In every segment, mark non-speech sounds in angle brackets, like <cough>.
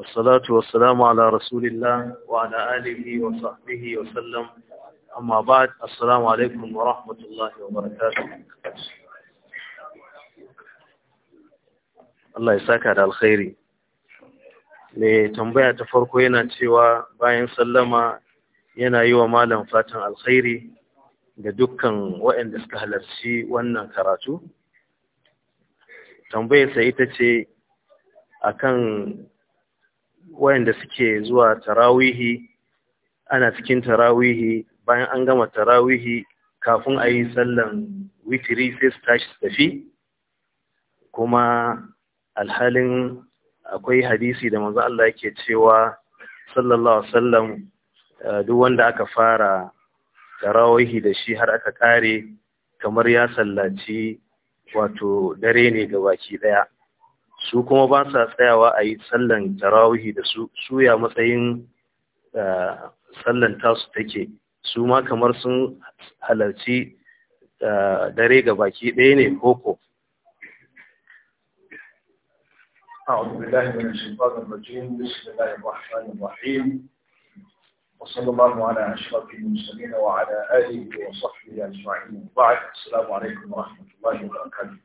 والصلاة والسلام على رسول الله وعلى آله وصحبه وسلم أما بعد السلام عليكم ورحمة الله وبركاته Allah ya saka da alkhairi mai tambaya ta farko yana cewa bayan sallama yana yi wa malam fatan alkhairi da dukkan waɗanda suka halarci wannan karatu tambayarsa ita ce akan wayanda suke zuwa tarawihi ana cikin tarawihi bayan an gama tarawihi kafin a yi sallan witiri sai su tashi tafi kuma alhalin akwai hadisi da manzo Allah yake cewa sallallahu alaihi wasallam eh, duk wanda aka fara tarawihi da shi har aka kare kamar ya sallaci wato dare ne ga baki daya su kuma ba sa tsayawa a yi sallan tarawihi da su suya matsayin sallan tasu take su ma kamar sun halarci dare ga baki ɗaya ne koko أعوذ بالله من الشيطان الرجيم بسم الله الرحمن الرحيم وصلى الله على أشرف المرسلين وعلى آله وصحبه أجمعين بعد السلام عليكم ورحمة الله وبركاته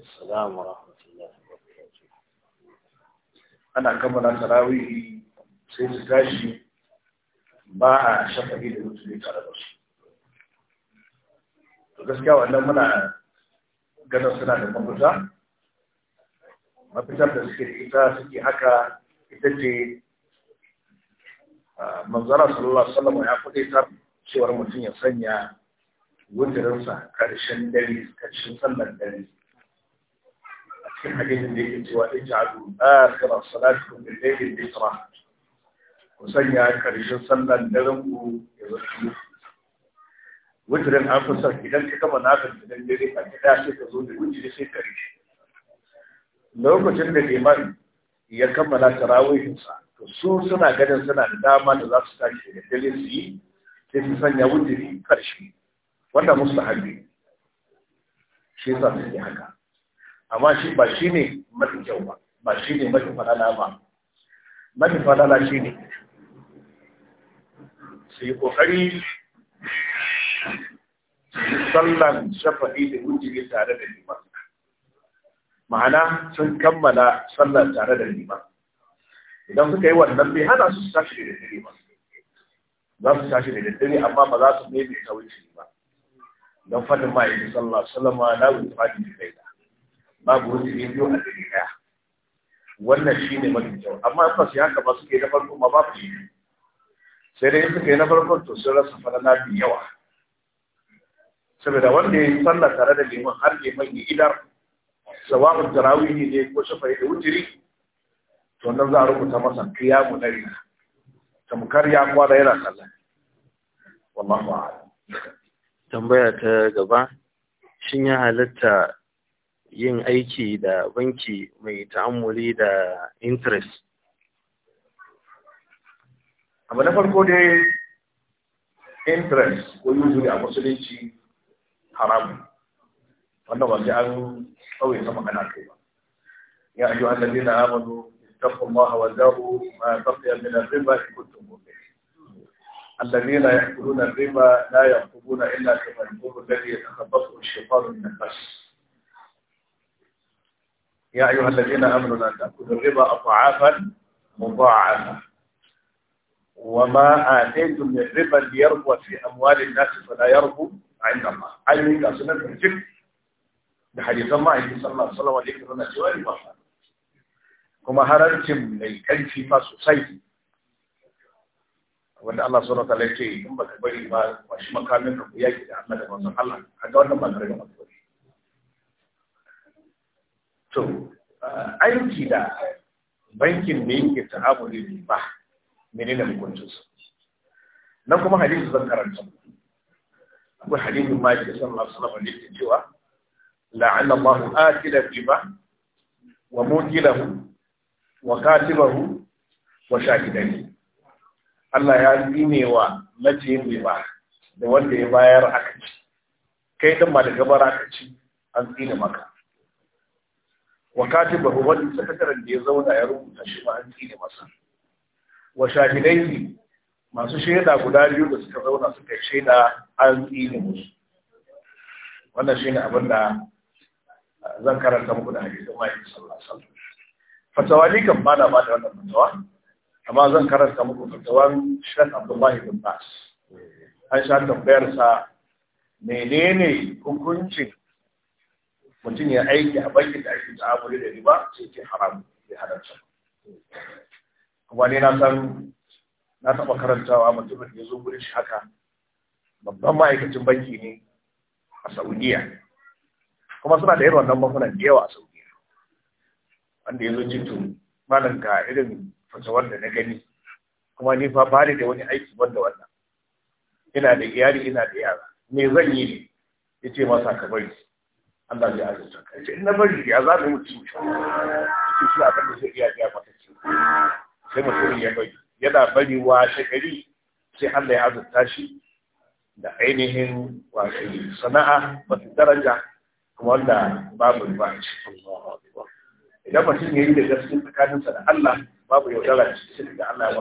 السلام ورحمة ana kammala tarawihi sai su tashi ba a shafari da mutum tare da su to gaskiya wannan muna ganin suna da mafita mafitar da suke da ita suke haka ita ce manzara sallallahu alaihi wasallam ya kuɗe ta cewar mutum ya sanya wundurinsa karshen dare karshen sallar dare في حديث النبي واجعلوا آخر صلاتكم بالليل ذكرى وسنيا كرجل صلى درمه يزكي wutirin an fi son idan ka gama naka idan dare a gida sai ka zo da wutiri sai ka rike lokacin da liman ya kammala tarawihinsa to su suna ganin suna da dama da za su tashi da dare su yi sai su sanya wutiri karshe wanda musu haɗe shi yasa su yi haka amma shi ba shi ne mafi kyau ba ba shi ne mafi fadala ba mafi fadala shi ne su yi ƙoƙari sallan shafa'i da wujiri tare da liman ma'ana sun kammala sallan tare da liman idan suka yi wannan bai hana su tashi da dare ba za su tashi da dare amma ba za su nemi ta wuce ba don fadin ma'aikin sallah sallama na wuce fadi da kai babu wuzuri biyu a gari ɗaya wannan shi ne mafi kyau amma ba su haka ba suke na farko ma babu shi sai dai suka yi na farko to sun rasa na da yawa saboda wanda ya yi sallah tare da neman har ne ya idar sawa'un tarawihi ne ko shafa yi da wutiri to nan za a rubuta masa mu na rina tamkar ya kwada yana sallah wallahu a'lam tambaya ta gaba shin ya halatta yin aiki da banki mai ta'amuli da interest abu na farko dai interest ko usually a musulunci haram wanda ba an tsawai ta magana kai ba ya ajiyu an lalli na amonu istafin maha wa zaru ma ya tafi yadda na riba shi kuntun gobe an lalli na ya kuru na riba na ya kubu na illa ta mai gobe gari ya takabasu shekaru na kasu يا أيها الذين آمنوا لا تأكلوا الربا أضعافا مضاعفة وما آتيتم من ربا ليربو في أموال الناس فلا يربو عند الله علم إذا سنة الفكر بحديث الله صلى الله عليه وسلم ذكر النسوان المحرم كما هرمتم للكلف ما سوسيتي wanda Allah subhanahu wa ta'ala ya ce in baka bari ba shi makamin ka ku yaki da Allah da manzon Allah kaga wannan ba tare da manzon to aiki da bankin da yake ta'amuli ne ba menene hukuncin su nan kuma hadisi zan karanta akwai hadisin ma ke san masu na wani ke cewa la'anna Allahu akila riba wa mu, wa katibahu wa shakidahu Allah ya dine wa maciyin riba da wanda ya bayar aka ci kai din ma da gabar aka ci an tsine maka wakati katibahu wani sakataren da ya zauna ya rubuta shi ma an tsine masa wa shahidaihi masu shaida guda biyu da suka zauna suka shaida an tsine musu wannan shine abin da zan karanta muku da hadisin mai sallallahu alaihi wasallam ni kan ba da wannan fatawa amma zan karanta muku fatawan shan Abdullahi bin Bas an sha tambayar sa menene hukuncin mutum ya aiki a bankin da ake abu da riba sai ke haram bai haramta kuma ne na san na taɓa karantawa mutumin da ya zo gurin shi haka babban ma'aikacin banki ne a saudiya kuma suna da irin wannan da yawa a saudiya wanda ya zo jitu malin ga irin fatawar da na gani kuma ni fa bari da wani aiki banda wannan ina da iyali ina da yara me zan yi ne ya ce masa ka bari Allah ya azurta na bari ya za mu mutum shi shi sai mutum ya bari yana bari wa shekari sai Allah ya azurta shi da ainihin wato sana'a mafi daraja kuma wanda babu riba shi. idan mutum ya yi da gaske sa da Allah babu yaudara cikin da Allah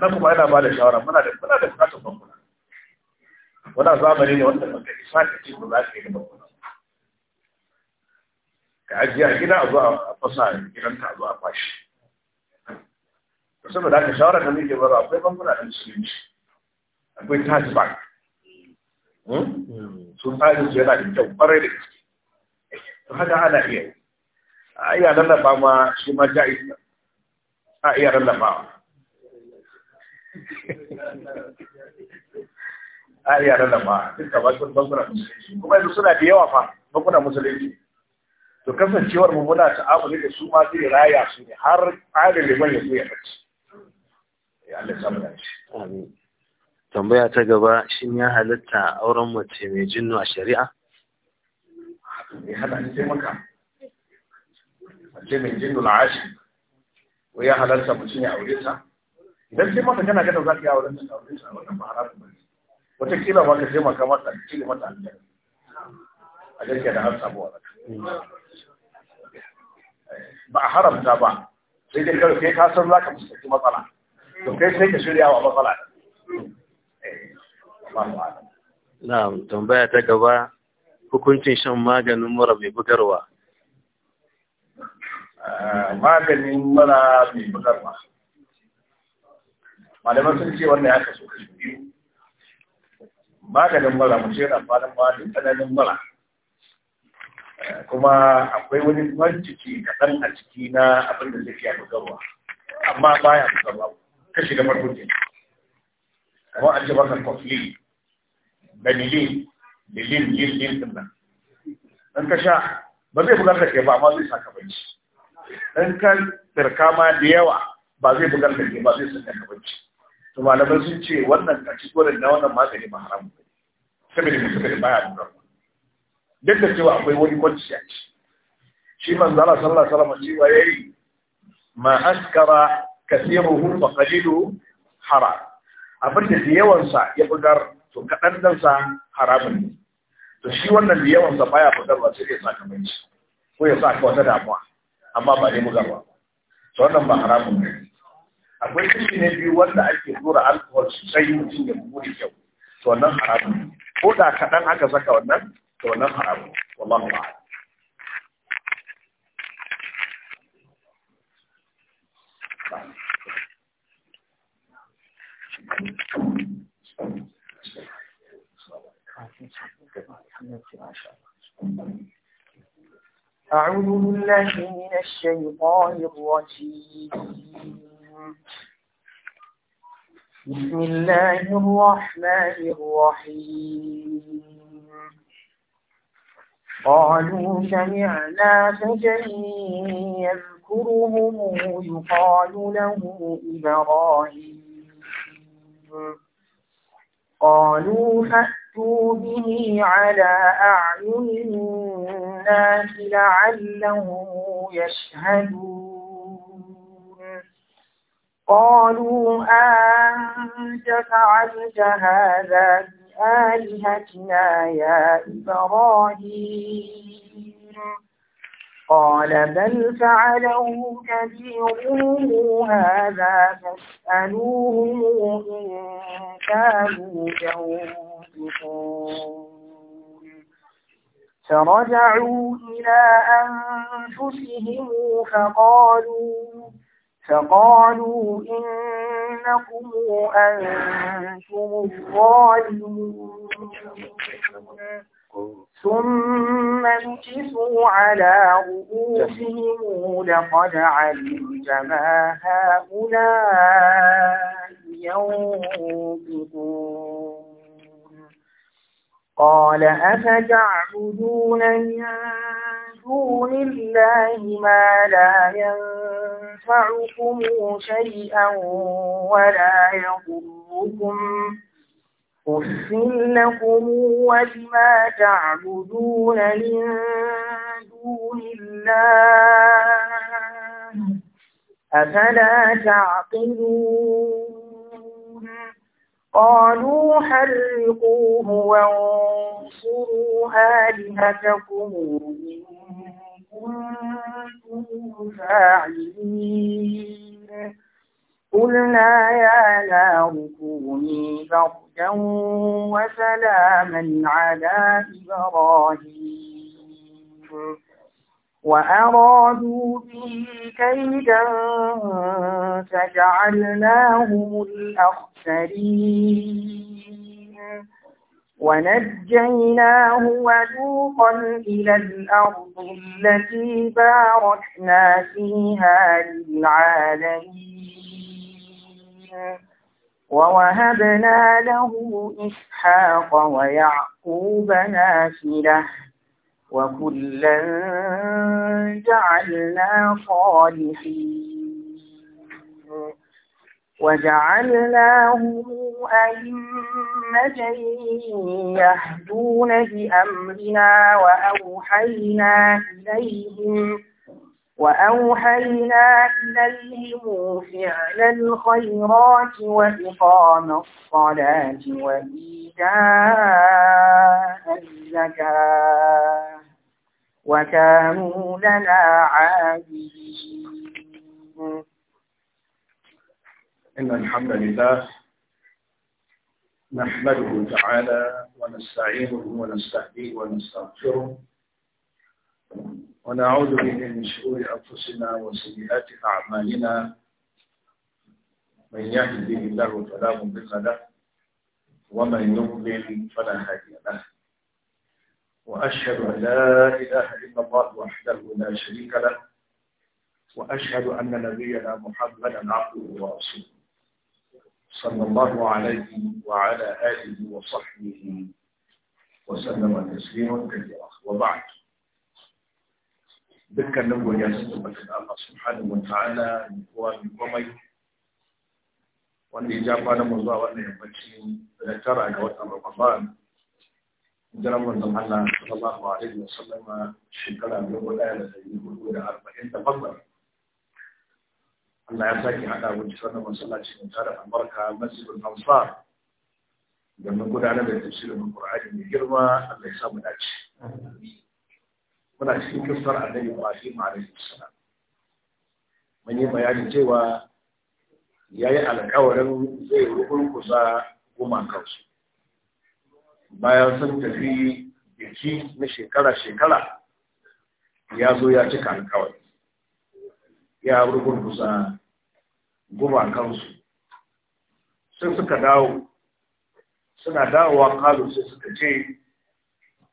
ya kuma yana ba da shawara muna da muna da wani zamani ne wanda baka isa ka ce ba za ka yi ba ka ajiye a gida a zo a fasa gidanka a zo a fashi da haka shawara da muke ba, akwai bambuna da musulunci akwai tax bank sun hmm? tsarin su yana da kyau kwarai da gaske to haka ana iya yi a iya lallaba ma shi ma ja'i a iya lallaba <laughs> ariya yaran da ma duka bakin bankunan musulunci kuma yanzu suna da yawa fa bakuna musulunci to kasancewar mu muna ta'amuli da su ma zai raya su ne har tsarin liman ya zo ya bacci ya Allah samu da shi amin tambaya ta gaba shin ya halitta auren mace mai jinnu a shari'a me hada ni sai maka mace mai jinnu ashi ko ya halarta mutum ya aure ta idan sai maka kana gada za ka yi auren ta auren ta wannan ba haramun ba ne Wataƙila ba ka taimaka mata a cire mata aljanna a jirgin da har samu ba a haramta ba sai dai kawai kai kasar san za ka fuskanci matsala to kai sai ka shirya wa matsala na tambaya ta gaba hukuncin shan maganin mura mai bugarwa eh, maganin mura mai bugarwa malaman sun ce wannan ya kasu kashi biyu maganin mura mu shera amfanin mura duk tsananin mura eh, kuma akwai wani manciki kaɗan a ciki na abin da zai fiya bugarwa amma baya bugarwa kashi da farko ne kamar an ce masa kofli da lilin lilin lilin din nan dan ka sha ba zai bugar da ke ba amma zai saka banci dan ka tarkama ma da yawa ba zai bugar da ke ba zai saka banci to malamai sun ce wannan kaci na wannan yi ba haramu ne saboda ka saboda baya da rabu duk da cewa akwai wani kwanci a ci shi manzo sallah sallallahu alaihi wasallam cewa yi ma askara kasiruhu fa qalilu hara. abin da yawan sa ya bugar to kadan dan sa haramun ne to shi wannan da yawan sa baya bugar ba sai ya saka mai ko ya saka wata damuwa amma ba dai bugar to wannan ba haramun ne akwai kashi ne biyu wanda ake tura alkohol sai mutum ya buri kyau to wannan haramun ko da kaɗan aka saka wannan to wannan haramun wallahu a'lam أعوذ بالله من الشيطان الرجيم بسم الله الرحمن الرحيم قالوا سمعنا فتى يذكرهم يقال له إبراهيم قالوا فأتوا به على أعين الناس لعلهم يشهدون قالوا أنت فعلت هذا بآلهتنا يا إبراهيم قال بل فعله كبيرهم هذا فاسألوهم إن كانوا ينطقون فرجعوا إلى أنفسهم فقالوا فقالوا إنكم أنتم الظالمون ثم نكسوا على رؤوسهم لقد علمت ما هؤلاء ينطقون قال أفتعبدون من دون الله ما لا ينفعكم شيئا ولا يضركم أف لكم ولما تعبدون من دون الله أفلا تعقلون قالوا حرقوه وانصروا آلهتكم إن كنتم فاعلين قلنا يا نار كوني بردا وسلاما على إبراهيم وأرادوا به كيدا فجعلناهم الأخسرين ونجيناه ولوطا إلى الأرض التي باركنا فيها للعالمين ووهبنا له إسحاق ويعقوب نافلة وكلا جعلنا صالحين وجعلناهم أئمة يهدون بأمرنا وأوحينا إليهم وأوحينا إليهم فعل الخيرات وإقام الصلاة وإيتاء الزكاة وكانوا لنا عابدين إن الحمد لله نحمده تعالى ونستعينه ونستهديه ونستغفره ونعوذ به من شرور أنفسنا وسيئات أعمالنا من يهده الله فلا مضل له ومن يضلل فلا هادي له وأشهد أن لا إله إلا الله وحده لا شريك له وأشهد أن نبينا محمدا عبده ورسوله صلى الله عليه وعلى آله وصحبه وسلم تسليما كثيرا وبعد ذكر نبو ياسر بكر الله سبحانه وتعالى يقول يقومي وان اجابه انا مرضى وانا يبكي لترى قوات رمضان جرم من الله صلى الله عليه وسلم شكرا نبو الآية يقول الى أربعين تفضل Allah ya sake haɗa mu cikin wannan masallaci mai tare albarka masjidul ansar da mun gudanar da tafsirin Qur'ani mai girma Allah ya sa dace muna cikin kissar Annabi Ibrahim alaihi salam mun yi bayani cewa yayi alƙawarin zai rukunkusa kansu bayan sun tafi biki na shekara-shekara ya zo ya cika alƙawari ya guba kansu sai suka dawo suna dawowa kalu sai suka ce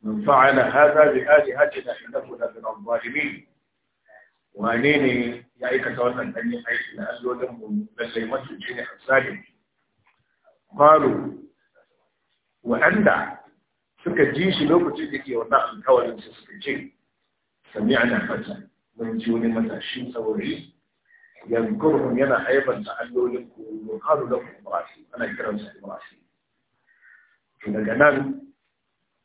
Mun aji فعل هذا بآلهتنا da al الظالمين wane ne ya aikata wannan danyen aiki na allolin mu da sai matuci ne a salim faru waɗanda suka ji shi lokacin da ke wannan alkawarin su suka ce sami ana fata وينتي ولما تعشين صوريين ينكرهم ينا حيبا تعلوا لكم وقالوا لكم إبراسيم أنا كرم سعي إبراسيم كنا قنال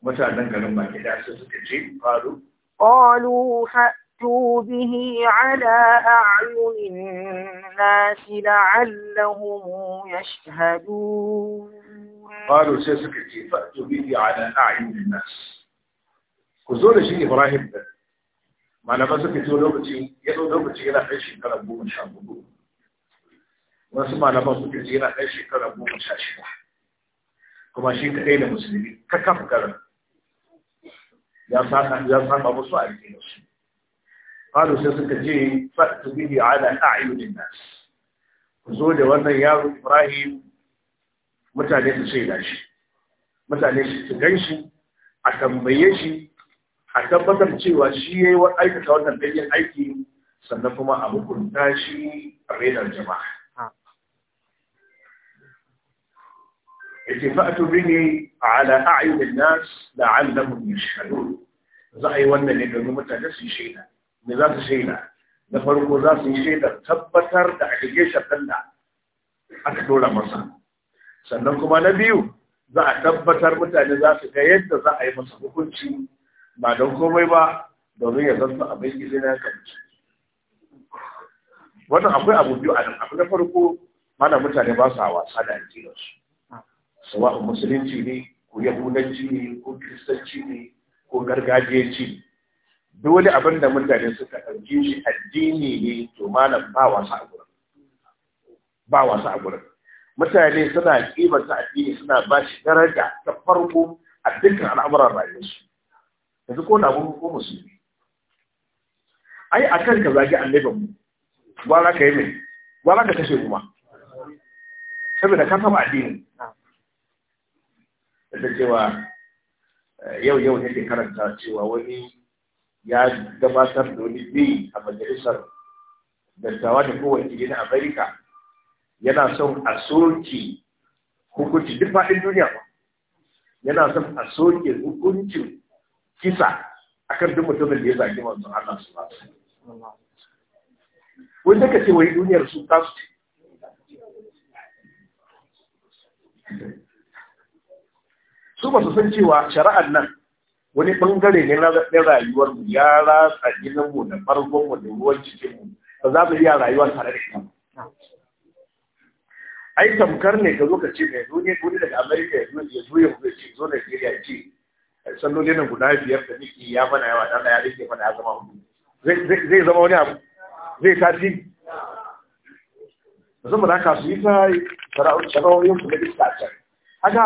متى أنك لما كدع سسك الجيب قالوا قالوا فأتوا به على أعين الناس لعلهم يشهدون قالوا سسك الجيب فأتوا به على أعين الناس كزول شيء إبراهيم malamai suka ce lokaci ya zo lokaci yana ɗan shekara goma sha hudu wasu malaman suka ce yana ɗan shekara goma sha shida kuma shi kaɗai da musulmi ka kafa garin ya saka musu a jikin su falo sai suka ce fa'tu a ala a'yunin nas ku zo da wannan yaro ibrahim mutane su ce da shi mutane su gan a tambaye shi a tabbatar cewa shi ya yi aikata wannan ɗanyen aiki sannan kuma a hukunta shi a renar jama'a. Yake fa'atu bini ala da nas la'allahum yashhadun. Za a yi wannan ne domin mutane su shaida. Me za su shaida? Na farko za su yi shaidar tabbatar da allegation ɗin da aka dora masa. Sannan kuma na biyu za a tabbatar mutane za su ga yadda za a yi masa hukunci ba don komai ba domin ya zanta abin gidi na kan wannan akwai abu biyu a nan abu na farko mana mutane ba su hawa sada da su sawa'un musulunci ne ko yahudanci ne ko kiristanci ne ko gargajiyanci ne dole abin da mutane suka ɗauke shi addini ne to malam ba wasu a gurin ba wasu a gurin mutane suna kimanta addini suna ba shi daraja ta farko a dukkan al'amuran rayuwarsu yanzu ko na ko musulmi ai a kan ka zagi annabin mu gwara ka yi mai gwara ka kashe kuma saboda ka saba addini da cewa eh, yau yau ke karanta cewa wani ya gabatar da wani biyi a majalisar dattawa da kowace na amerika yana son a soke hukunci duk faɗin duniya ba yana son a soke hukuncin kisa a kan duk mutumin da ya zagi manzon Allah su ba wai daga ce wai duniyar su ta su su ba su san cewa shari'ar nan wani bangare ne na rayuwar mu ya ratsa ginin da farkon mu da ruwan cikin mu ba za mu iya rayuwa tare da ita ai tamkar ne ka zo ka ce mai duniya duniya daga Amerika ya zo ya zo ya zo Najeriya ce salloli nan guda biyar da muke ya mana yawa dan ya rike mana ya zama hudu zai zama wani abu zai tafi. da zama da haka su yi ta shara'o'in su da iska a can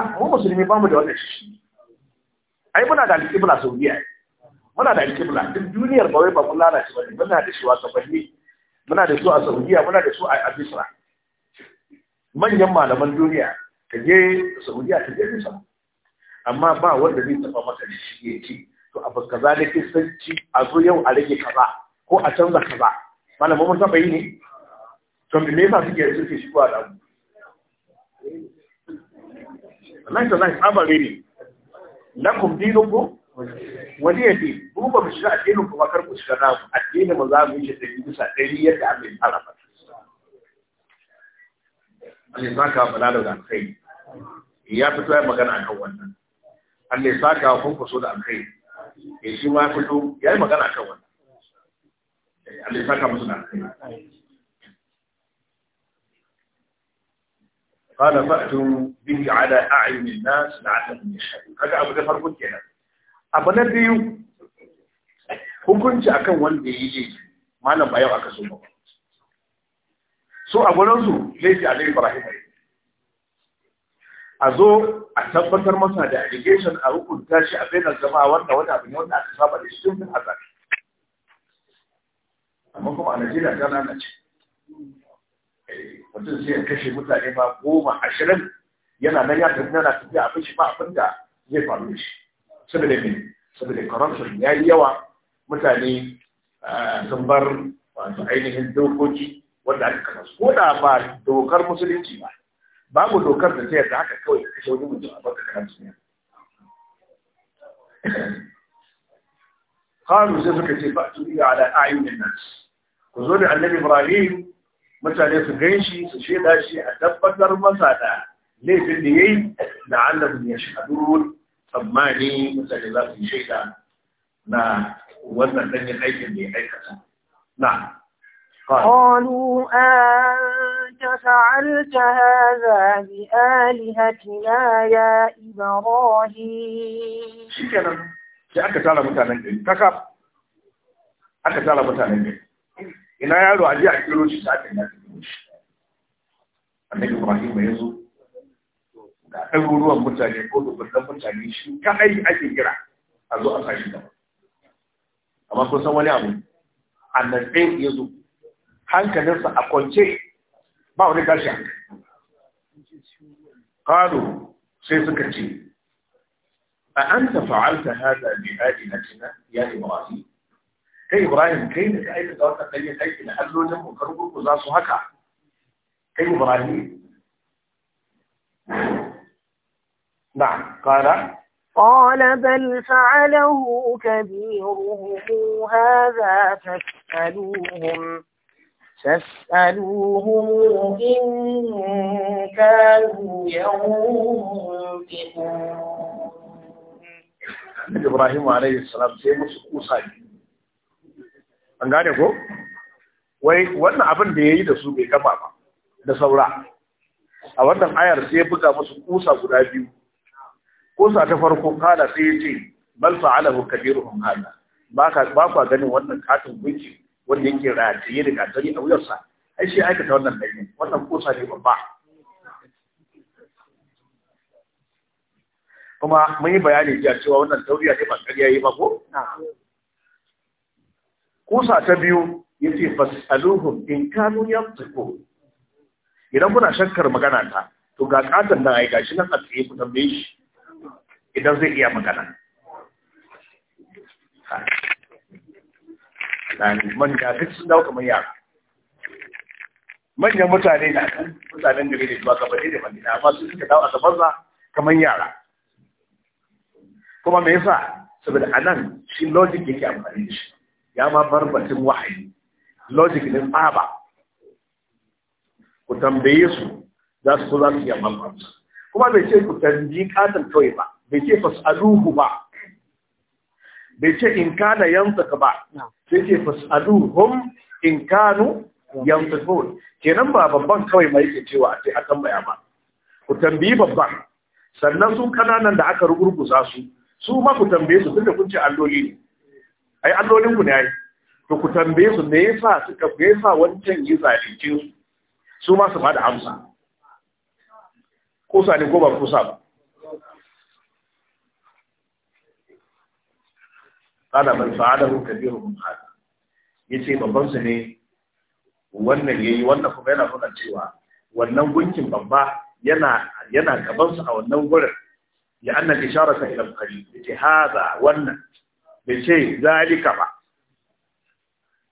haka mu musulmi ba mu da wannan shi ai muna da alƙibla sau biya muna da alƙibla duk duniyar ba wai ba mun lalace ba ne muna da shi wasa banne muna da su a saudiya muna da su a abisra manyan malaman duniya ka je saudiya ka je bisra amma ba wanda zai taba maka da shi ya ce to baka kaza da ke sanci a zo yau a rage kaza ko a canza kaza Mana mun taɓa yi ne to me ne yasa suke shi kwa da mu Allah ta zai amare ne lakum ko wani yafi mu ba mu shiga addinin ba kar ku shiga namu addinin mu za mu yi shi ɗari bisa ɗari yadda Allah ya fara fata Allah ya da kai ya fito ya magana akan wannan Allah ya saka wa kun kuso da alkai eh shi ma fito ya yi magana kan wannan eh, Allah ya saka musu da alkai قال فأتوا به على أعين الناس لعلهم يشهدون هذا أبو ده فرق كده أبو ده بيو hukunci akan wanda ya malam bayan aka so ba so a gurin su laifi alayhi ibrahim a zo a tabbatar masa da allegation a hukunta shi a bainar zama wanda wani abu ne wanda aka saba da shi tun azar amma kuma a Najeriya ta ce eh, mutum sai ya kashe mutane ma goma ashirin yana nan ya tafi yana tafiya a fushi ba abin da zai faru da shi saboda me saboda corruption ya yi yawa mutane eh, sun bar wato ainihin dokoki wanda aka kasa ko da ba dokar musulunci ba babu dokar da ta yarda haka kawai kashe wani mutum a baka kan ne. قالوا sai suka ce fa'tu bi ala a'yunin nas ku zo da annabi Ibrahim mutane su shi su sheda shi a tabbatar masa da laifin da yayi da annabi ya shi shahadun tsammani mutane za su shaida na wannan danyen aikin da ya aikata na قالوا أنت فعلت هذا بآلهتنا يا إبراهيم شكرا sai aka tara mutanen gari kaka aka tara mutanen gari ina yaro a jiya kiro shi sa kan yaki annabi ibrahim ya zo da ɗaruruwan mutane ko dubban mutane shi kadai ake kira a zo a sashi gaba amma kun san wani abu annabi ya zo hankalinsa a kwance ba wani gashi qalu sai suka ce a anta fa'alta hada bi alinatina ya ibrahim kai ibrahim kai ne ka aika da wannan ɗanyen aiki na allolin mu gurgu za su haka kai ibrahim na kara قال بل فعله كبيرهم هذا فاسألوهم فاسألوهم إن كانوا ينفقون Ibrahim alaihi salam sai musu kusa an gane ko wai wannan abin da ya yi da su bai gama ba da saura a wannan ayar sai ya buga musu kusa guda biyu kusa ta farko kala sai ya ce bal fa'alahu kabiruhum hada ba ka ba ganin wannan katin gunki wanda yake rajiye da gajari a wuyarsa ai shi aikata wannan laifin wannan kusa ne babba kuma mun yi bayani jiya cewa wannan tauriya ne ba ƙarya yi ba ko kusa ta biyu yace fasaluhum in kanu yantiqu idan kuna shakkar magana ta to ga katan nan ai gashi nan a tsaye ku tambaye shi idan zai iya magana tsani manya duk sun dawo kamar yara manyan mutane na mutanen gari da ba gaba da madina amma su suka dawo a gabansa kamar yara kuma me yasa saboda nan shi logic yake amfani da shi ya ma bar batun wahayi logic din tsaba ku tambaye su za su za su yi amma kuma bai ce ku tambayi katon kawai ba bai ce fasaluhu ba bai ce in kana ka ba sai ce hum in kanu yanzakun kenan ba babban kawai mai yake cewa a ce a tambaya ba ku tambayi babban sannan sun kananan da aka rugurguza su su ma ku tambaye su tunda kun ce alloli ne ai allolin ku ne ai to ku tambaye su me yasa suka me yasa wancan yi zalunci su su ma su bada amsa kusa ne ko ba kusa ba qala man fa'alahu kabiruhum hada yace babban su ne wannan yayi wannan kuma yana faɗa cewa wannan gunkin babba yana yana gaban su a wannan gurin ya annan isharata ila al yace hada wannan bai ce zalika ba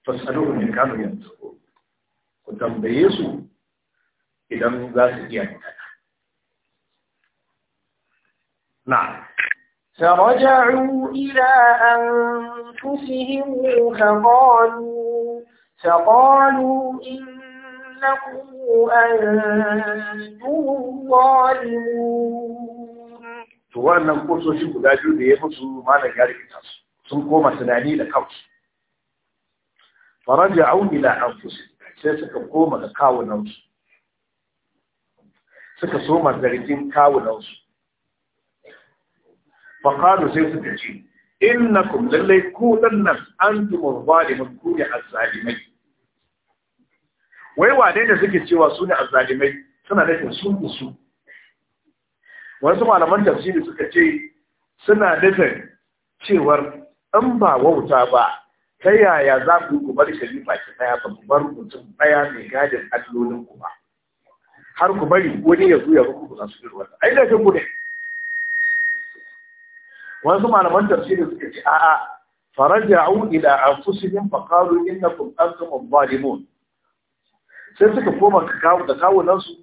fasaluhu min kanu yanzu ku tambaye su idan za su iya magana na'am فرجعوا إلى أنفسهم فقالوا فقالوا إنكم أنتم الظالمون wannan kursoshi guda biyu da ya mutu malam ya rikita su sun koma tunani da kansu faran auni da anfusu sai suka koma da kawunansu suka soma zargin kawunansu faqalu sai suka ce innakum lallai ku an antumul zalimun ku ne azzalimai wai wane da suke cewa su ne azzalimai suna nufin sun su wasu malaman tafsiri suka ce suna nufin cewar in ba wauta ba ta yaya za ku ku bar sharifa ki daya ba ku bar mutum ɗaya mai gadin allolin ku ba har ku bari wani ya zo ya rubuta su irin ai da kan ne wasu malaman tafsiri suka ce a'a faraja'u ila anfusihim fa qalu innakum antum zalimun sai suka koma kawo da kawunan su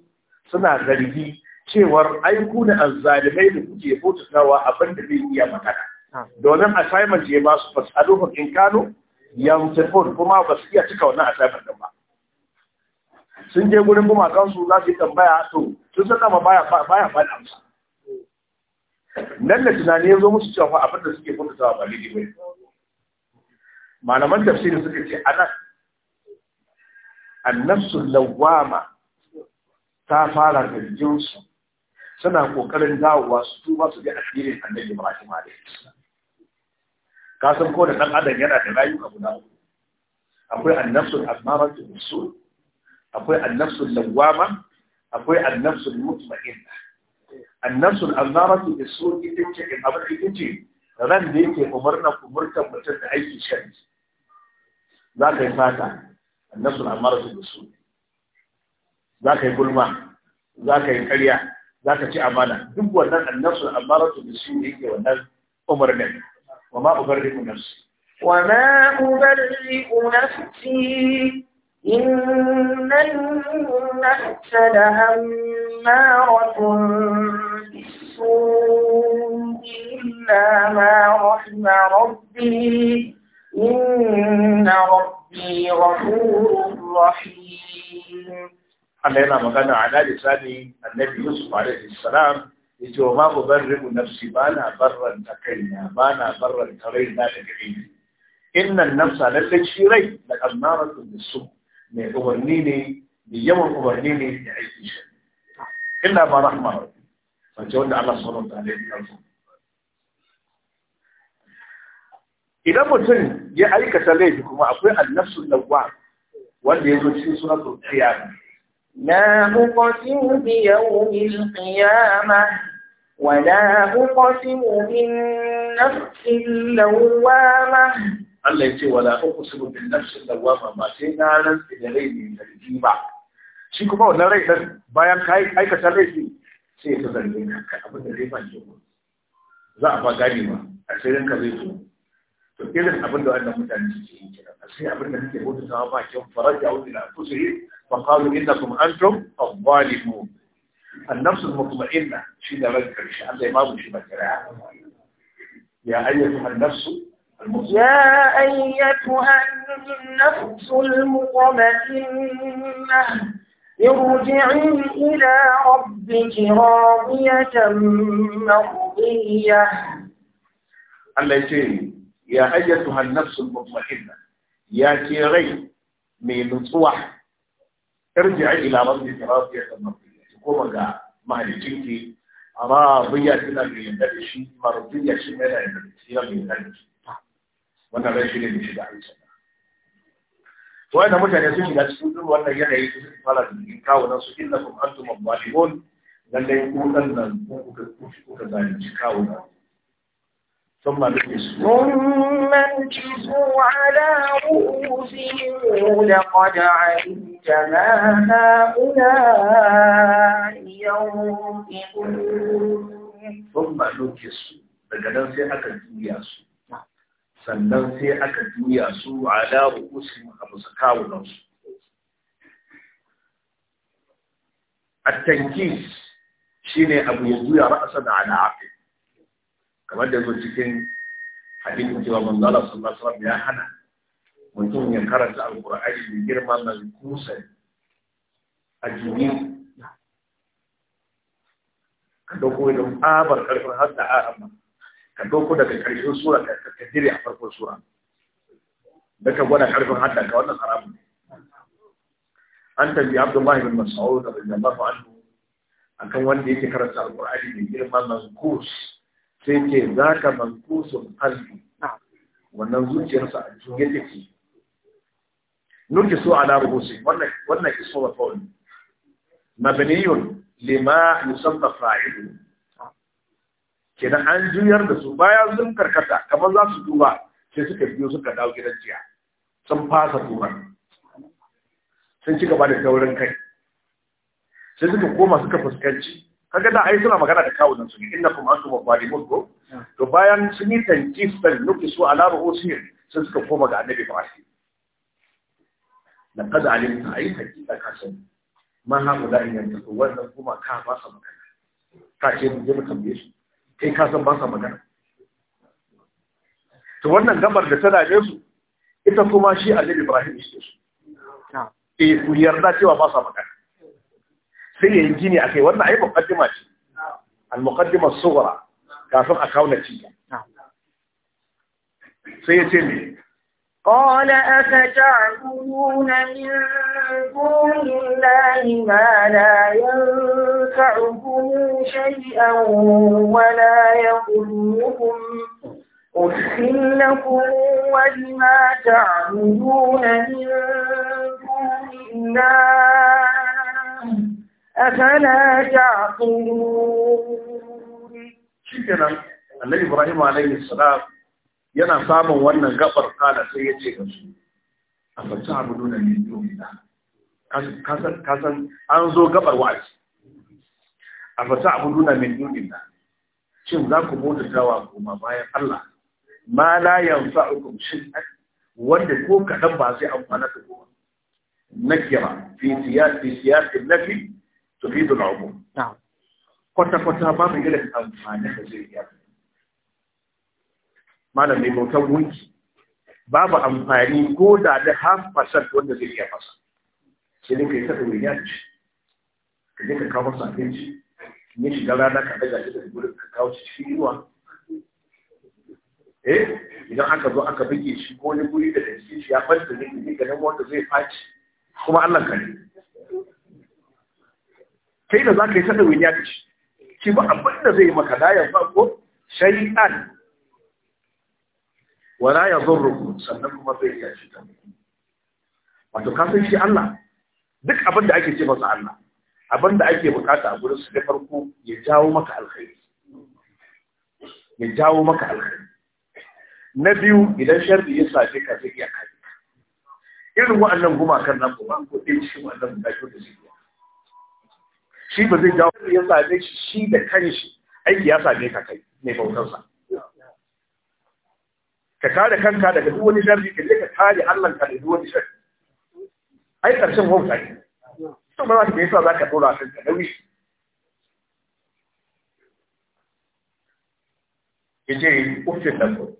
suna zargi cewar ai ku ne azzalimai da kuke bautatawa abin da bai iya magana ah. domin assignment ya ba su fasalu ko in kano yamtafun kuma ba su iya cika wannan assignment din ba sun je gurin gumakan su za su yi tambaya to sun san baya baya faɗa musu nan da tunani ya zo musu cewa abin da suke kuntatawa ba daidai ba malaman tafsiri suka ce ana annafsul lawama ta fara da suna kokarin dawowa su tuba su ga asirin annabi Ibrahim alaihi ka san ko da dan adam yana da rayuka guda uku akwai annafsul amaratu bisul akwai annafsul lawama akwai annafsul mutma'inna annasul annaratu isu ita ce in abin ita ce ran da yake umarna kumurtan mutum da aiki shari za ka yi fata annasul annaratu isu za ka yi gulma za ka yi karya za ka ci amana duk wannan annasul annaratu isu yake wannan umarnin wa ma ubarriku nafsi wa ma ubarriku nafsi إن النحس لهمارة بالسوء إلا ما رحم ربي إن ربي غفور رحيم علينا مغانا على لساني النبي يوسف عليه السلام يجي وما مبرم نفسي بانا برا تكينا بانا برا ترينا لكينا إن النفس على التشيري لأمارة بالسوء mai umarni ne mai yawan umarni ne da aiki illa ba rahma sace wanda Allah subhanahu wa ta'ala ya kansa idan mutum ya aikata laifi kuma akwai annafsu lawwa wanda ya zo cikin suratul qiyamah la uqsimu bi yawmil qiyamah ولا أقسم بالنفس اللوامة Allah ya ce wala uqsimu bin nafsin lawama ba sai na rantsi da rai ne zargi ba shi kuma wannan rai dan bayan kai aikata laifi sai ka zarge ka abin da zai fanje ku za a ba gani ma. a sai ranka zai zo to irin abin da wannan mutane suke yi kenan a sai abin da kake hudu tawa ba kyau faraja wa ila anfusihim fa qalu innakum antum adh-dhalimun النفس المطمئنة شيء ده ما ذكرش الله ما بيشبه Ya ayyatu النفس يا أيتها النفس المطمئنة ارجعي إلى ربك راضية مرضية الله يا أيتها النفس المطمئنة يا كيري من نصوح ارجعي إلى ربك راضية مرضية تقوم ما هي راضية من يندلشي مرضية شمالة من يندلشي wannan rai shi ne mai shiga aisha da mutane sun shiga cikin duk wannan yanayi su suka fara jirgin kawo nan su illa kuma an tuma dan dai ku dan nan ku kuka kuka zalunci kawo nan ثم ثم نكسوا على رؤوسهم لقد علمت ما هؤلاء ينطقون ثم نكسوا daga nan sai aka juya su sannan sai aka juya su ala rukusin a musu kawunansu التنكيس شيني أبو يزوي رأسا على عقل كما da cikin haɗin cewa manzala Allah masu ya hana mutum ya karanta alqur'ani da girma na kusan a jini Ka ko da karfin hadda a amma ka ɗauko daga ƙarshen sura ka ka a farkon sura da ka gwada ƙarfin hadda ka wannan haramun an tabi abdullahi bin ba radiyallahu A kan wanda yake karanta alƙur'ani mai girma mankus sai ce zaka mankusun qalbi wannan zuciyarsa a juye take nurki su ala rubusi wannan wannan ismu wa faul mabniyun lima yusamma fa'iluhu kenan an juyar da su bayan sun karkata kamar za su duba sai suka biyo suka dawo gidan jiya sun fasa tuban sun ci gaba da taurin kai sai suka koma suka fuskanci kaga da ai suna magana da kawunan su inna kuma antum wadimun ko to bayan sun yi tanki da nuke su ala ru'usihim sai suka koma ga annabi Ibrahim laqad alimta ai hakika ka san ma haula in yantaku wannan kuma ka ba su magana ka ce mu je mu tambaye su kai ka san ba sa magana to wannan gabar da ta dame su ita kuma shi jirgin Ibrahim yake su eh ku yarda cewa ba sa magana sai yayin gini kai wannan ai muqaddima ce al muqaddima sughra kafin a kauna ci sai ya ce ne قال أفتعبدون من دون الله ما لا ينفعكم شيئا ولا يضركم أحسن لكم ولما تعبدون من دون الله أفلا تعقلون شكرا النبي إبراهيم عليه السلام yana samun wannan gabar kala sai ya ce ga su a fata abu nuna ne domina kasan an zo gabar wa'azi a fata abu nuna min dunin na shin za ku mota dawa goma bayan Allah ma la yanfa ukum shin wanda ko kadan ba sai amfana ka goma kira fi siyas fi siyas nafi tufidu al-umum kwata kwata ba mu gina amfani da zai yi malam mai bautan gunki babu amfani ko da da half percent wanda zai iya fasa sai dai kai ta ɗaure ya ci ka je ka kawo masa abinci yi shiga rana ka daga shi da gurin ka kawo shi cikin ruwa eh idan aka zo aka buge shi ko wani guri da dalilin shi ya fanta ne ne ga nan wanda zai faci kuma Allah ka ne kai da ka yi ta ɗaure ya ci shi ba abin da zai maka da yanzu ko shay'an wala ya zurru sannan kuma zai iya ta. wato ka san shi Allah duk abin da ake ce masa Allah abin da ake bukata a gurin su da farko ya jawo maka alkhairi ya jawo maka alkhairi na biyu idan sharri ya sace ka zai iya kai irin wa'annan gumakan nan kuma ko dai shi wa'annan gumakan da suke shi ba zai jawo ya sace shi da kanshi aiki ya sace ka kai mai bautarsa ka kare kanka daga duk wani sharri ka je ka kare Allah ka daga wani sharri ai karshen wauta ne to ba za ka yasa za ka dora kan ka nauyi yace uffin da ku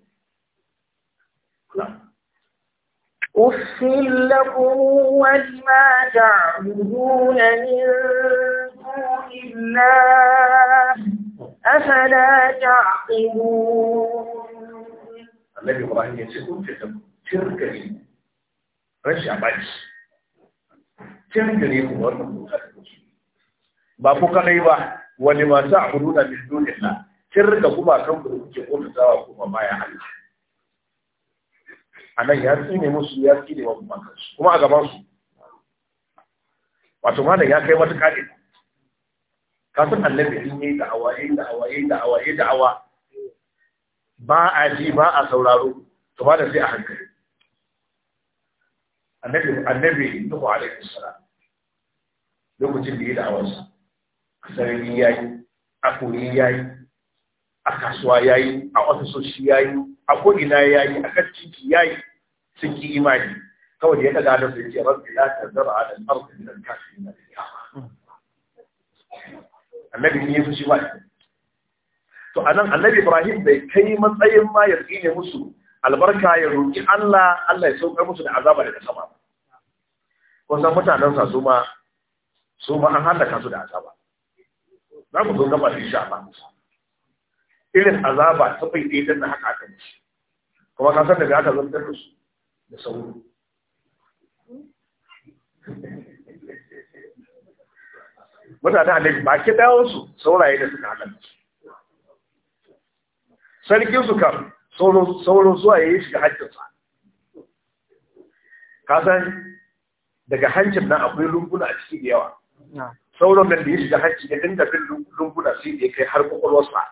أفل لكم ولما تعبدون من دون الله أفلا تعقلون annabi ibrahim ya ce kun fita tirgare rashin abaci tirgare ku wannan bauta da kuke ba ku kadai ba wani masu a hudu da min dunillah tirga kuma kan ku kuke kotawa kuma baya halin. a nan ya ne musu ya ne wa kuma kansu kuma a gaban su wato da ya kai matuƙa ne ka san annabi in yi awaye da awaye da awaye da awa. ba a ji ba a sauraro to ba da sai a hankali annabi annabi nuhu alaihi salam lokacin da ya da awansa sarari yayi a koyi yayi a kasuwa yayi a ofisoshi yayi a ko'ina yayi a kan yayi sun ki imani kawai ya daga da su ce rabbi la tazara ala al-ardi min al-kafirin al-qiyamah annabi ne ya fushi ba to anan annabi ibrahim bai kai matsayin ma ya tsine musu albarka ya roki Allah Allah ya saukar musu da azaba daga sama kun san mutanen sa su ma su ma an halaka su da azaba za mu zo gaba da insha Allah irin azaba ta bai dai da haka aka mishi kuma ka san daga aka zantar da su da sauro mutane annabi ba ki dawo su sauraye da suka su. sarkin su kam sauran zuwa ya yi shiga hancinsa kasan daga hancin nan akwai lunguna a ciki da yawa sauran nan da ya shiga hanci ya dinga bin lunguna sai da ya kai har kwakwalwarsa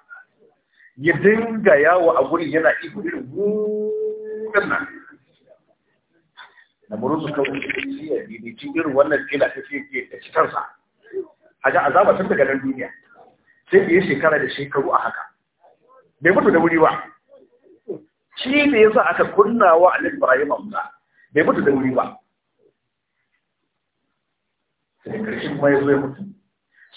ya dinga yawo a guri yana iko irin mugun nan da murin su kawo shi ya daidaicin irin wannan tela ta fiye ke da cikarsa a ga azaba tun daga nan duniya sai da ya shekara da shekaru a haka bai mutu da wuri ba shi ne yasa aka kunna wa Ali Ibrahim amma bai mutu da wuri ba sai karshen kuma ya zo ya mutu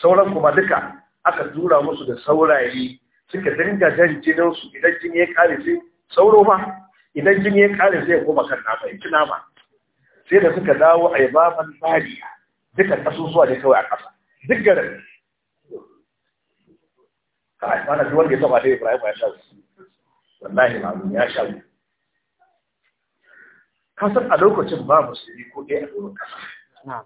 sauran kuma duka aka tura musu da saurayi suka dinga jan jinin su idan jini ya kare sai sauro ba idan jini ya kare sai ya koma kan nafa ya ci nama sai da suka dawo a yababan bariya duka zuwa ne kawai a ƙasa duk garin kai mana duk wanda ya saba da Ibrahim ya shawo wallahi ma'lum ya shawo ka san a lokacin ba musulmi ko ɗaya a gurin kasa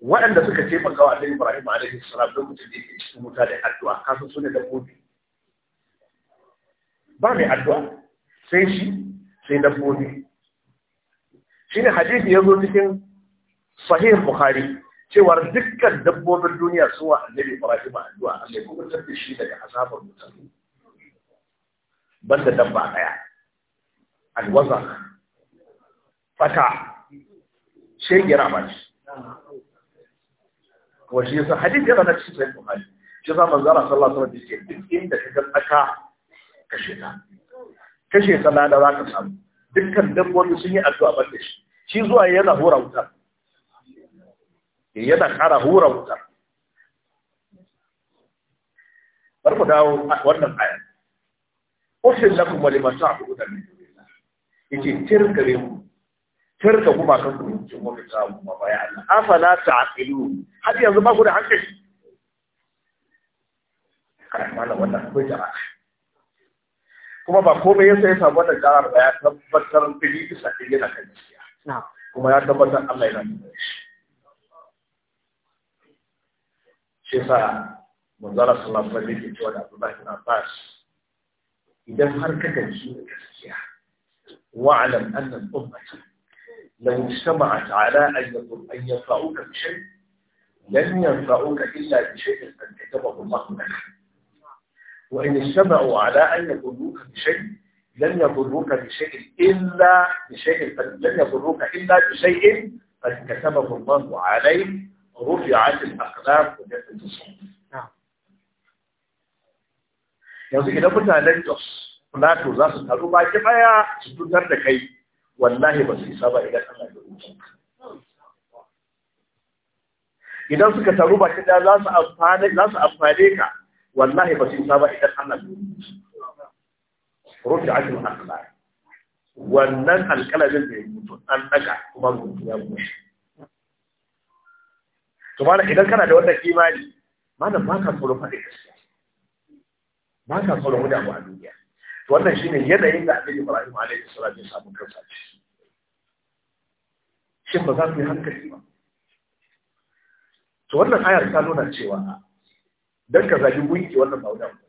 waɗanda suka taimaka wa Annabi Ibrahim alaihi salam lokacin da yake cikin wuta da addu'a ka san sune dabbobi ba mai addu'a sai shi sai dabbobi shine hadisi ya zo cikin sahih Bukhari cewar dukkan dabbobin duniya su wa annabi Ibrahim addu'a a sai kuma da shi daga azabar mutane banda dabba daya alwaza fata gira ba shi kuma shi yasa hadith yana na cikin sahih bukhari shi yasa manzo sallallahu alaihi wasallam duk inda ka ga fata kashe ta kashe ta da za ka samu dukkan dabbobi sun yi addu'a banda shi shi zuwa yana hura wuta ya da kara hura wutar bar ku dawo wannan aya ufil lakum wa lima ta'buduna min dunillah yace tirkare mu. tirka kuma kan ku in kuma ka samu ba ya Allah afala ta'qilu har yanzu ba ku da hankali kai mallan wannan ko jama'a kuma ba komai yasa ya samu wannan jarar ba ya tabbatar fili bisa yana kan gaskiya kuma ya tabbatar Allah yana da shi kisa manzara sallallahu alaihi wasallam cewa da Abdullahi bin Abbas idan har ka gamsu da gaskiya wa'lam anna al-ummah law ijtama'at ala an yakun an yafa'uka bi shay lan yanfa'uka illa bi shay'in qad katabahu Allah lak wa in ijtama'u ala an yaduruka bi shay لن يضروك بشيء إلا بشيء لن يضروك إلا بشيء قد كتبه الله عليك عن الأقلام وجدت الصوت yanzu idan mutanen jos to za su taru ba ki baya su tutar da kai wallahi ba su isa ba idan ana da rubutu idan suka taru ki daya za su amfane za su amfane ka wallahi ba su isa ba idan ana da rubutu rufi akil akhlaq wannan alƙalamin da ya mutu an daga kuma mutu ya mutu to idan kana da wannan imani malam ba ka tsoro faɗi gaskiya ba ka tsoron wani abu a duniya to wannan shine yanayin da annabi Ibrahim alaihi salatu ya samu kansa shi. shin ba za ku yi hankali ba to wannan ayar ta nuna cewa dan ka zagi gunki wannan ba wani abu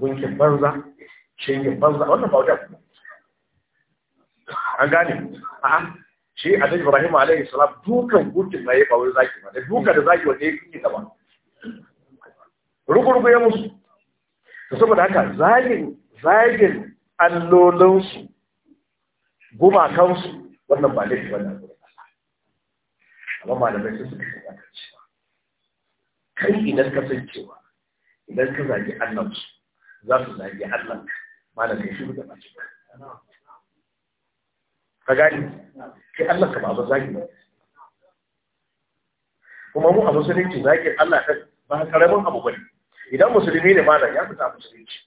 gunkin banza shingin banza wannan ba wani abu an gane a'a shi annabi ibrahim alayhi salam dukan gurkin mai ba bawai zaki ba da duka da zaki wanda fi kike ba rugurugu ya musu saboda haka zagin zagin allolinsu gumakansu wannan ba laifi wannan gurin amma malamai sun suka shiga kan cewa kai idan ka san cewa idan ka zagi annansu za su zagi allah malamai shi da ba ka gani kai Allah ka ba ba zagi ba kuma mu a musulunci zagin Allah ta ba karamin abu bane idan musulmi ne malam ya fita musulunci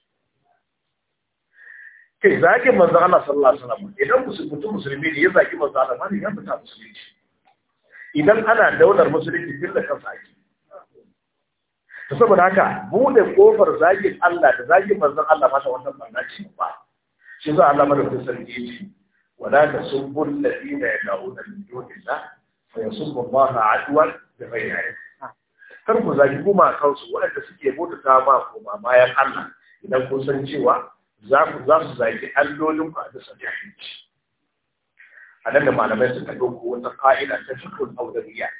kai zagin manzo Allah sallallahu alaihi wasallam idan mutum musulmi ne ya zagi manzo Allah malam ya fita musulunci idan ana daular musulunci da kan ake to saboda haka bude kofar zagin Allah da zagin manzo Allah ta wannan barna ce ba shi za Allah madaukakin sarki ya ce ولا تسبوا الذين يدعون من دون الله فيسبوا الله عدوا بغير علم kar ku zagi kansu waɗanda suke bautata ma koma bayan Allah idan kun san cewa za ku za su zagi allolin ku a bisa jahilci a nan da malamai suka ɗauko wata ka'ida ta fiqhul awdariyat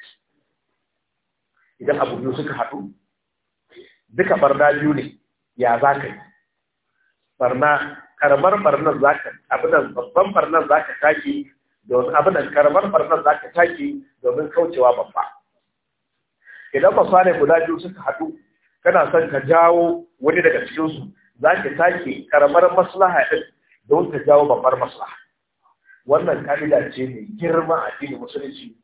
idan abu biyu suka haɗu duka barna biyu ne ya za ka yi barna karamar barnar za ka abinan babban barnar za ka take abinan karamar barnar za ka take domin kaucewa babba idan masalai guda biyu suka hadu, kana son ka jawo wani daga cikinsu za ka take karamar maslaha din don ka jawo babbar maslaha wannan kalida ce mai girma a cikin musulunci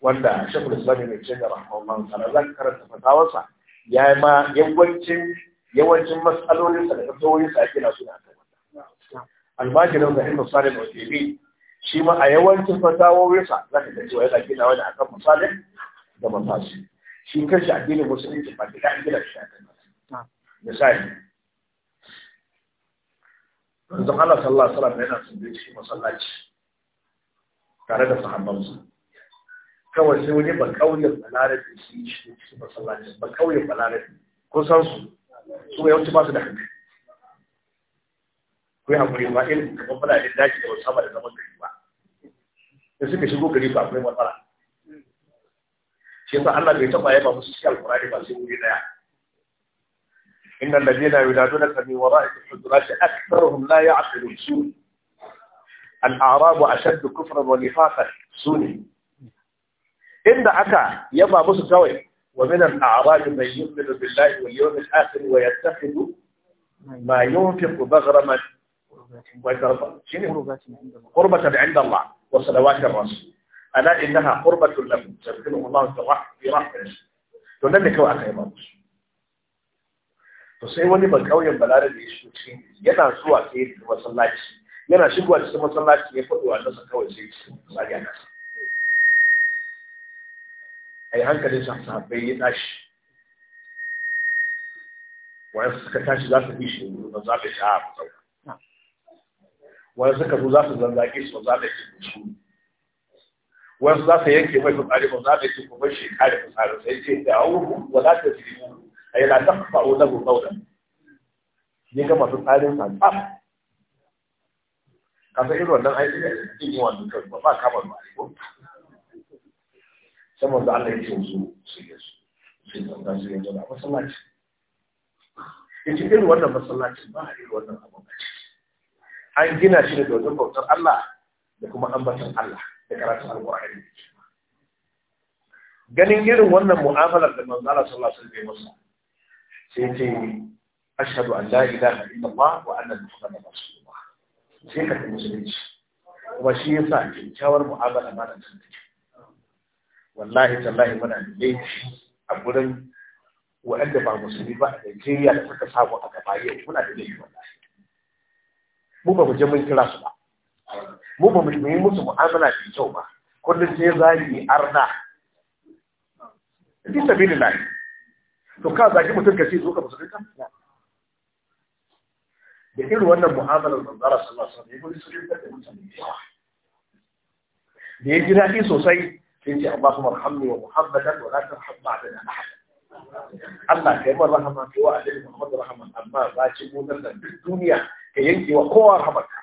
wanda shekul islami mai cin da rahmahullah ta'ala za ka karanta fatawarsa ya ma yawancin yawancin sa da sa ake na suna almajirin da ilmu salim al-jami shi ma a yawancin fatawowinsa za ka ga cewa yana ginawa da akan misalin da mafasi shi kanshi addinin musulunci ba gida an gina shi a kan akan misali manzon Allah sallallahu alaihi wasallam yana tsaye cikin masallaci tare da sahabbansa kawai sai wani ba kauyen balarabi su yi shi cikin masallaci ba kauyen balarabi kun san su su yawanci ba su da hankali إن الذين ينادونك من وراء الحجرات أكثرهم لا يعقلون سوني الأعراب أشد كفرا ونفاقا سوني إن أكا يبقى مسكوي ومن الأعراب من يؤمن بالله واليوم الآخر ويتخذ ما ينفق بغرما قربة عند الله وصلوات الرسول ألا إنها قربة لهم سبحانه الله في رحمه تنمك وأخير الله تصيب لي بالكوي البلاد اللي يشوفين ينا سوى كيد وصلات ينا شكوى السمو صلات يفضوا على نصر كوي زيت صلات يا ناس أي هنك دي صح صحب بيت أش وعنصر كتاش ذات بيش وزابي شعب صوت wani suka zo za su zanzage su za ta ce su wani za su yanke mai fitsari ba za ta ce kuma shi kare fitsari sai ce da awu wa za ta ji mu a yana ta o na da ne ga masu tsarin sa tsaf irin wannan aiki ne yi wannan kan ba kama ba ko sai Allah ya ce su su yi su sai zanga su yanzu da masallaci yace irin wannan masallacin ba irin wannan abin an gina shi ne domin bautar Allah da kuma ambatan Allah da karatun alƙur'ani ganin irin wannan mu'amalar da manzo Allah sallallahu alaihi wasallam sai ce ashhadu an la ilaha illallah wa anna muhammadan rasulullah sai ka musulunci kuma shi yasa kyakkyawar mu'amala ba da take wallahi tallahi muna da laifi a gurin waɗanda ba musulmi ba a Najeriya da suka sako a gaba yau muna da laifi wallahi mu ba mu je mun kira su ba mu ba mu yi musu mu'amala da kyau ba kullum sai zagi arna bi sabilillah to ka zagi mutum ka ce zo ka musulunta da irin wannan mu'amalar manzara sallallahu alaihi wasallam su gudu da mutane da ya ji daɗi sosai sai ce Allah kuma rahamni wa Muhammadan wa la tarham ba'dana ahad Allah kai mar rahama kai wa alaihi muhammadu rahman amma ba ci gudan da duk duniya ka yanke wa kowa rahamarka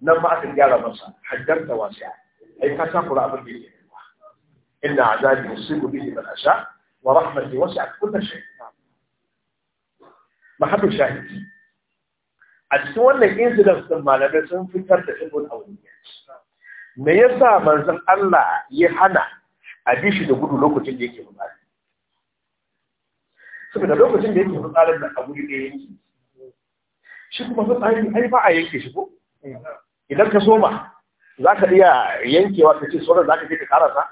nan ma aka gyara masa hajjar da wasa ai ka takura abin da yake nema inna azabi yusibu bihi man asha wa rahmati a kulli shay mahabbu shahid a cikin wannan incident din malamai sun fitar da ibn awliya me yasa manzon Allah ya hana a bi shi da gudu lokacin da yake fitsari saboda lokacin da yake fitsarin da a da yake shi kuma fitsari ai ba a yanke shi ko idan ka soma za ka iya yankewa ka ce sauran za ka je ka karasa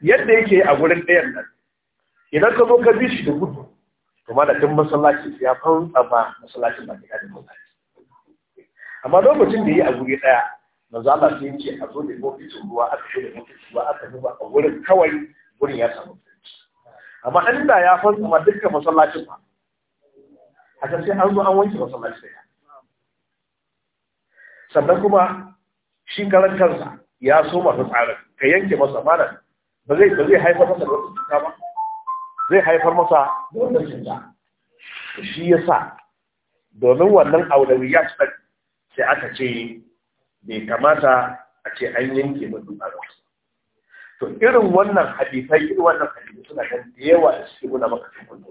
yadda yake a gurin ɗayan nan idan ka zo ka bi shi da gudu kuma da tun masallaci ya fanta ba masallacin ba ka da masallaci amma lokacin da yi a guri ɗaya manzo Allah su yake a zo da bokitin ruwa aka shi da bokitin ruwa aka zuba a gurin kawai gurin ya samu amma inda ya fanta ma dukkan masallacin ba a ta sai an zo an wanke masallaci da sannan kuma shi karan kansa ya so masu tsarin ka yanke masa mana ba zai haifar masa da wata cuta ba zai haifar masa da wata cuta shi ya sa domin wannan aulawiyat ɗin sai aka ce bai kamata a ce an yanke ba duka ba to irin wannan hadisai irin wannan hadisai suna da yawa da suke nuna maka cikin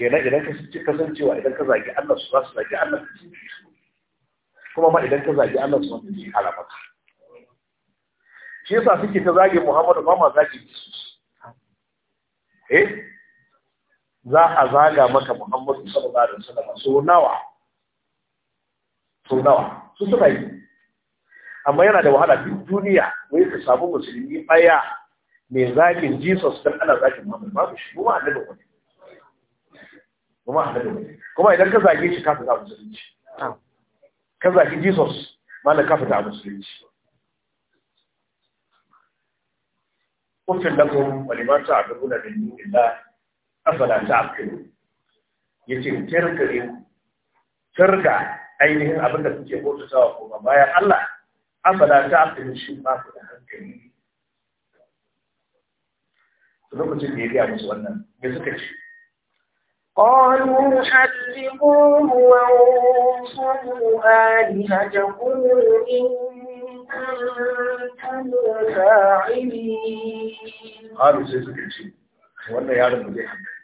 kenan idan ka ci kasancewa idan ka zagi Allah su za su zagi Allah kuma ma idan ka zagi Allah su wanda su kala maka shi yasa suke ta zage Muhammadu ba ma zage eh za a zaga maka Muhammadu sallallahu alaihi wasallam so nawa so nawa su suka yi amma yana da wahala duk duniya wai ka samu musulmi baya mai zagin Jesus dan ana zagin Muhammadu ba shi kuma da wani kuma a ne kuma idan ka zage shi ka fita musulunci ka zage Jesus mana ka fita musulunci kufin lakum wa liman ta'buduna min dunillah afala Ya ce kirkire kirka ainihin abin da kuke sawa kuma bayan Allah afala ta'qilun shi ba ku da hankali lokacin da ya gaya musu wannan me suka ce قالوا حرقوه وانصروا آلهتكم إن كنتم فاعلين قالوا wannan yaron ba zai hankali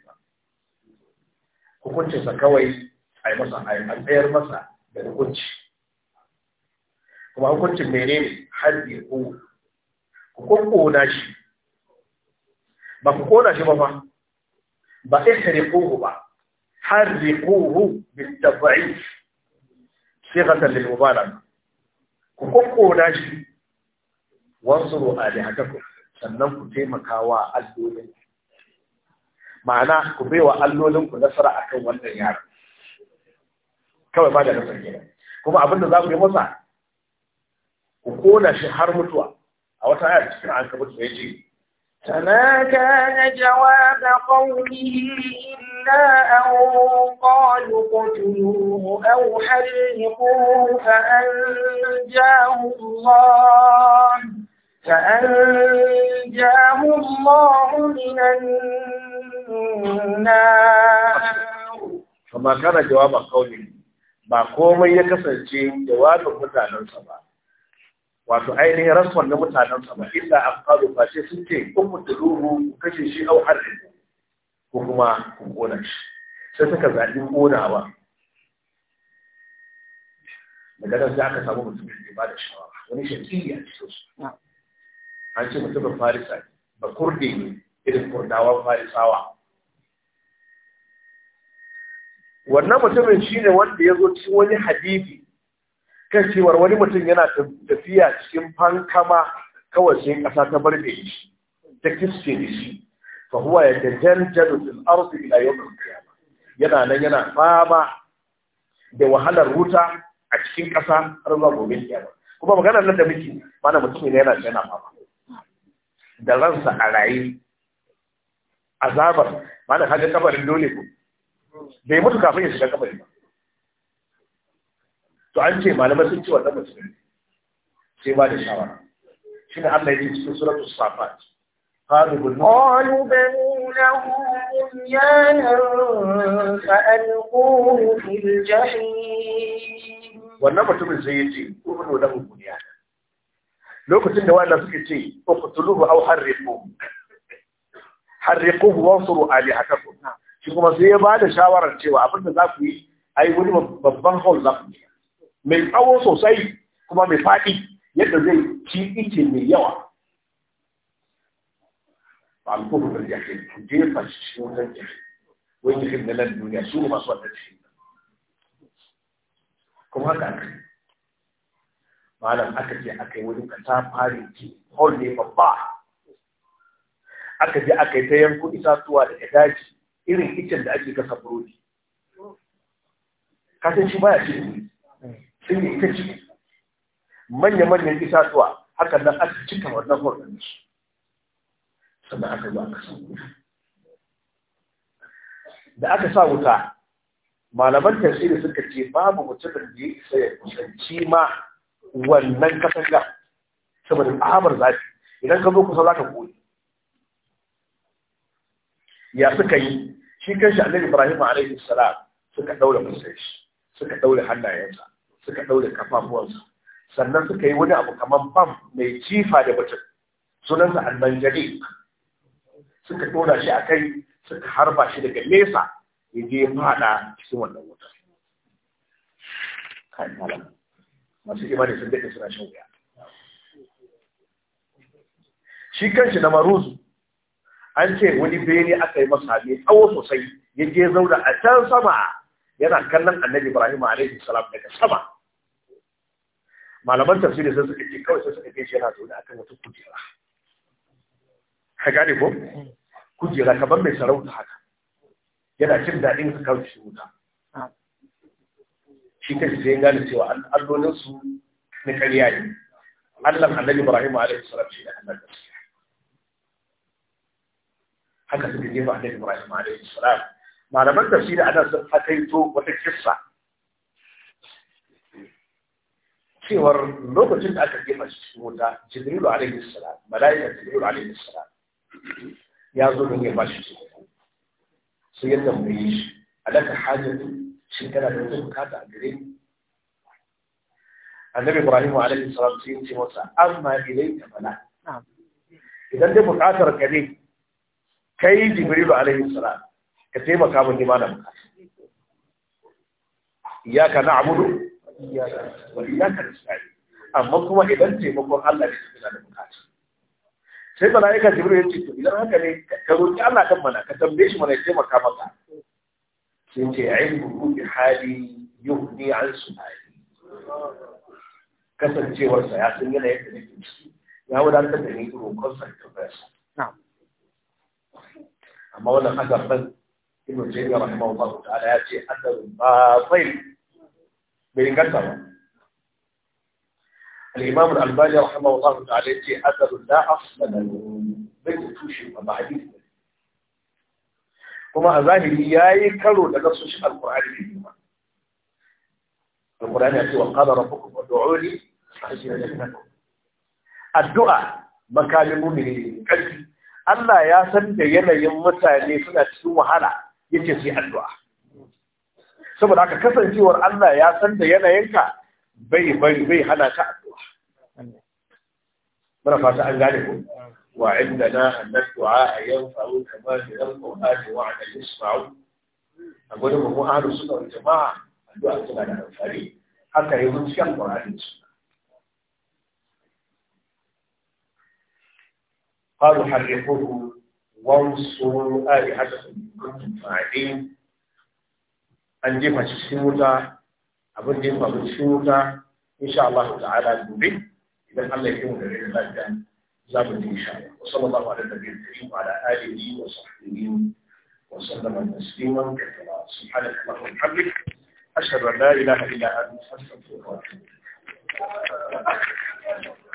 ba kawai a yi masa a masa da kuma hukuncin har ya ko ku shi ba ku kona shi ba ba ba ihriquhu ba harriquhu bit-tab'id sighatan lil-mubalaghah ku kokkona shi wanzuru alihatakum sannan ku taimaka wa allolin ma'ana ku baiwa allolin ku nasara akan wannan yaron kawai ba da nasar kenan kuma abin za ku yi masa ku kona shi har mutuwa a wata ayar cikin an kabut ya ce فما كان جواب قومه إلا أن قالوا قتلوه أو حرقوه فأنجاه الله فأنجاه الله من النار فما كان جواب قومه ba komai ya kasance jawabin mutanensa ba wato ainihin rasuwar na mutanen sama inda an faru face sun ce kun mutu ku kashe shi au harin ko kuma ku kona shi sai suka zaɓi konawa daga nan sai aka samu mutumin da ba da shawara wani a cikin su an ce mutumin farisa ba kurde ne irin kurdawa farisawa wannan mutumin shine wanda ya zo cikin wani hadisi kan cewar wani mutum yana tafiya cikin fankama kawai sai ƙasa ta da shi ta kiske da shi fa huwa ya tajanjalu fil ardi ila yawm al-qiyamah yana nan yana fama da wahalar wuta a cikin ƙasa har zuwa gobe kiyama kuma maganar nan da muke mana mutum ne yana yana fama da ransa a raye azabar mana kaga kabarin dole ko bai mutu kafin ya shiga kabarin ba to an ce malamai sun ce wannan mutum sai ba da shawara shi ne Allah ya ce cikin suratul safat قالوا بنوا له بنيانا فألقوه في الجحيم wannan mutumin sai ya ce ubnu lahu bunyana lokacin da wannan suka ce uqtuluhu aw harriquhu harriquhu wansuru alihatakum shi kuma sai ya bada shawarar cewa abinda da za ku yi ai wani babban hall za ku yi mai tsawo sosai kuma mai faɗi yadda zai ci ice mai yawa ba a kuma da yake ku jefa shi shi wajen jiki wai jikin na nan duniya su ne masu wannan cikin kuma haka aka yi malam aka ce aka yi wani kasa fari ki hol ne babba aka je aka yi ta yanko itatuwa da ya daji irin kicin da ake gasa burodi kasan shi baya cikin sun yi ta ciki manya-manyan itatuwa hakan nan aka cika wannan horon shi sannan aka zo aka sa da aka sa wuta malaman tasiri suka ce babu mutumin da ya isa ya kusanci ma wannan katanga saboda ahamar zafi idan ka zo kusa za ka goyi ya suka yi shi kan shi annabi ibrahim alaihi salam suka daure suka daure hannayensa suka ɗaure kafafuwansu sannan suka yi wani abu kamar bam mai cifa da mutum sunansa almanjalik suka ɗora shi a kai suka harba shi daga nesa ya je fada cikin wannan wuta masu imani sun daɗe suna shan wuya shi kanshi na maruzu an ce wani bene aka yi masa mai tsawo sosai ya je zauna a can sama yana kallon annabi ibrahim alaihi salam daga sama malaman tafsiri sai suka ce kawai sai suka ce yana zaune akan wata kujera ka gane ko kujera kamar mai sarauta haka yana cin daɗin ka kawo shi wuta shi kan sai gane cewa allolin su na ƙarya ne Allah Annabi Ibrahim alaihi salam shi da Allah gaskiya haka suka jefa Annabi Ibrahim alaihi salam malaman tafsiri ana sun hakaito wata kissa cewar lokacin da aka jefa cikin wuta jibrilu alaihi salam malaikar jibrilu alaihi salam ya zo don ya ba shi tsoro sai ya tambaye shi alaka hajjatu shi kana da wata bukata a gare ni annabi ibrahim alaihi salam sai ya ce masa amma ilayka bala idan dai bukatar ka ne kai jibrilu alaihi salam ka taimaka mun ma da bukata iyyaka na'budu iyaka wa iyaka nasta'in amma kuma idan taimakon Allah ne kana da bukata sai malaika jibril ya ce to idan haka ne ka roki Allah kan mana ka tambaye shi mana ya taimaka maka sai ce ilmu bi hali yuhdi an su'ali kasancewarsa ya san yana yadda nake ciki ya wadatar da ni roƙon sa ta bayar amma wannan azabban ibnu jarir rahimahullahu ta'ala ya ce annabun ba fa'il bai inganta ba al-imam al-albani rahimahullahu ta'ala yace adarun la asla lahu kuma a zahiri yayi karo da nasoshin al-qur'ani addu'a makamin mu'mini Allah ya san da yanayin mutane suna cikin wahala yake su addu'a saboda haka kasancewar Allah ya san da yanayinka bai bai bai hana ka addu'a muna fata an gane ku wa indana an du'a yanfa'u kama fi al-qur'an wa an yasma'u a gurin mu ahlus sunna jama'a addu'a tana da amfani haka yi mun cikin qur'ani قالوا حرقوه وانصروا آلهتكم إن كنتم فاعلين an jefa shi cikin wuta abin da ya faru cikin wuta insha Allah ta'ala gobe idan Allah ya yi mu da rai lafiya za mu ji insha Allah sallallahu alaihi wa sallam wa ala alihi wa sahbihi wa sallama tasliman kathira subhanaka allahumma wa bihamdik ashhadu an la ilaha illa anta astaghfiruka wa atubu ilaik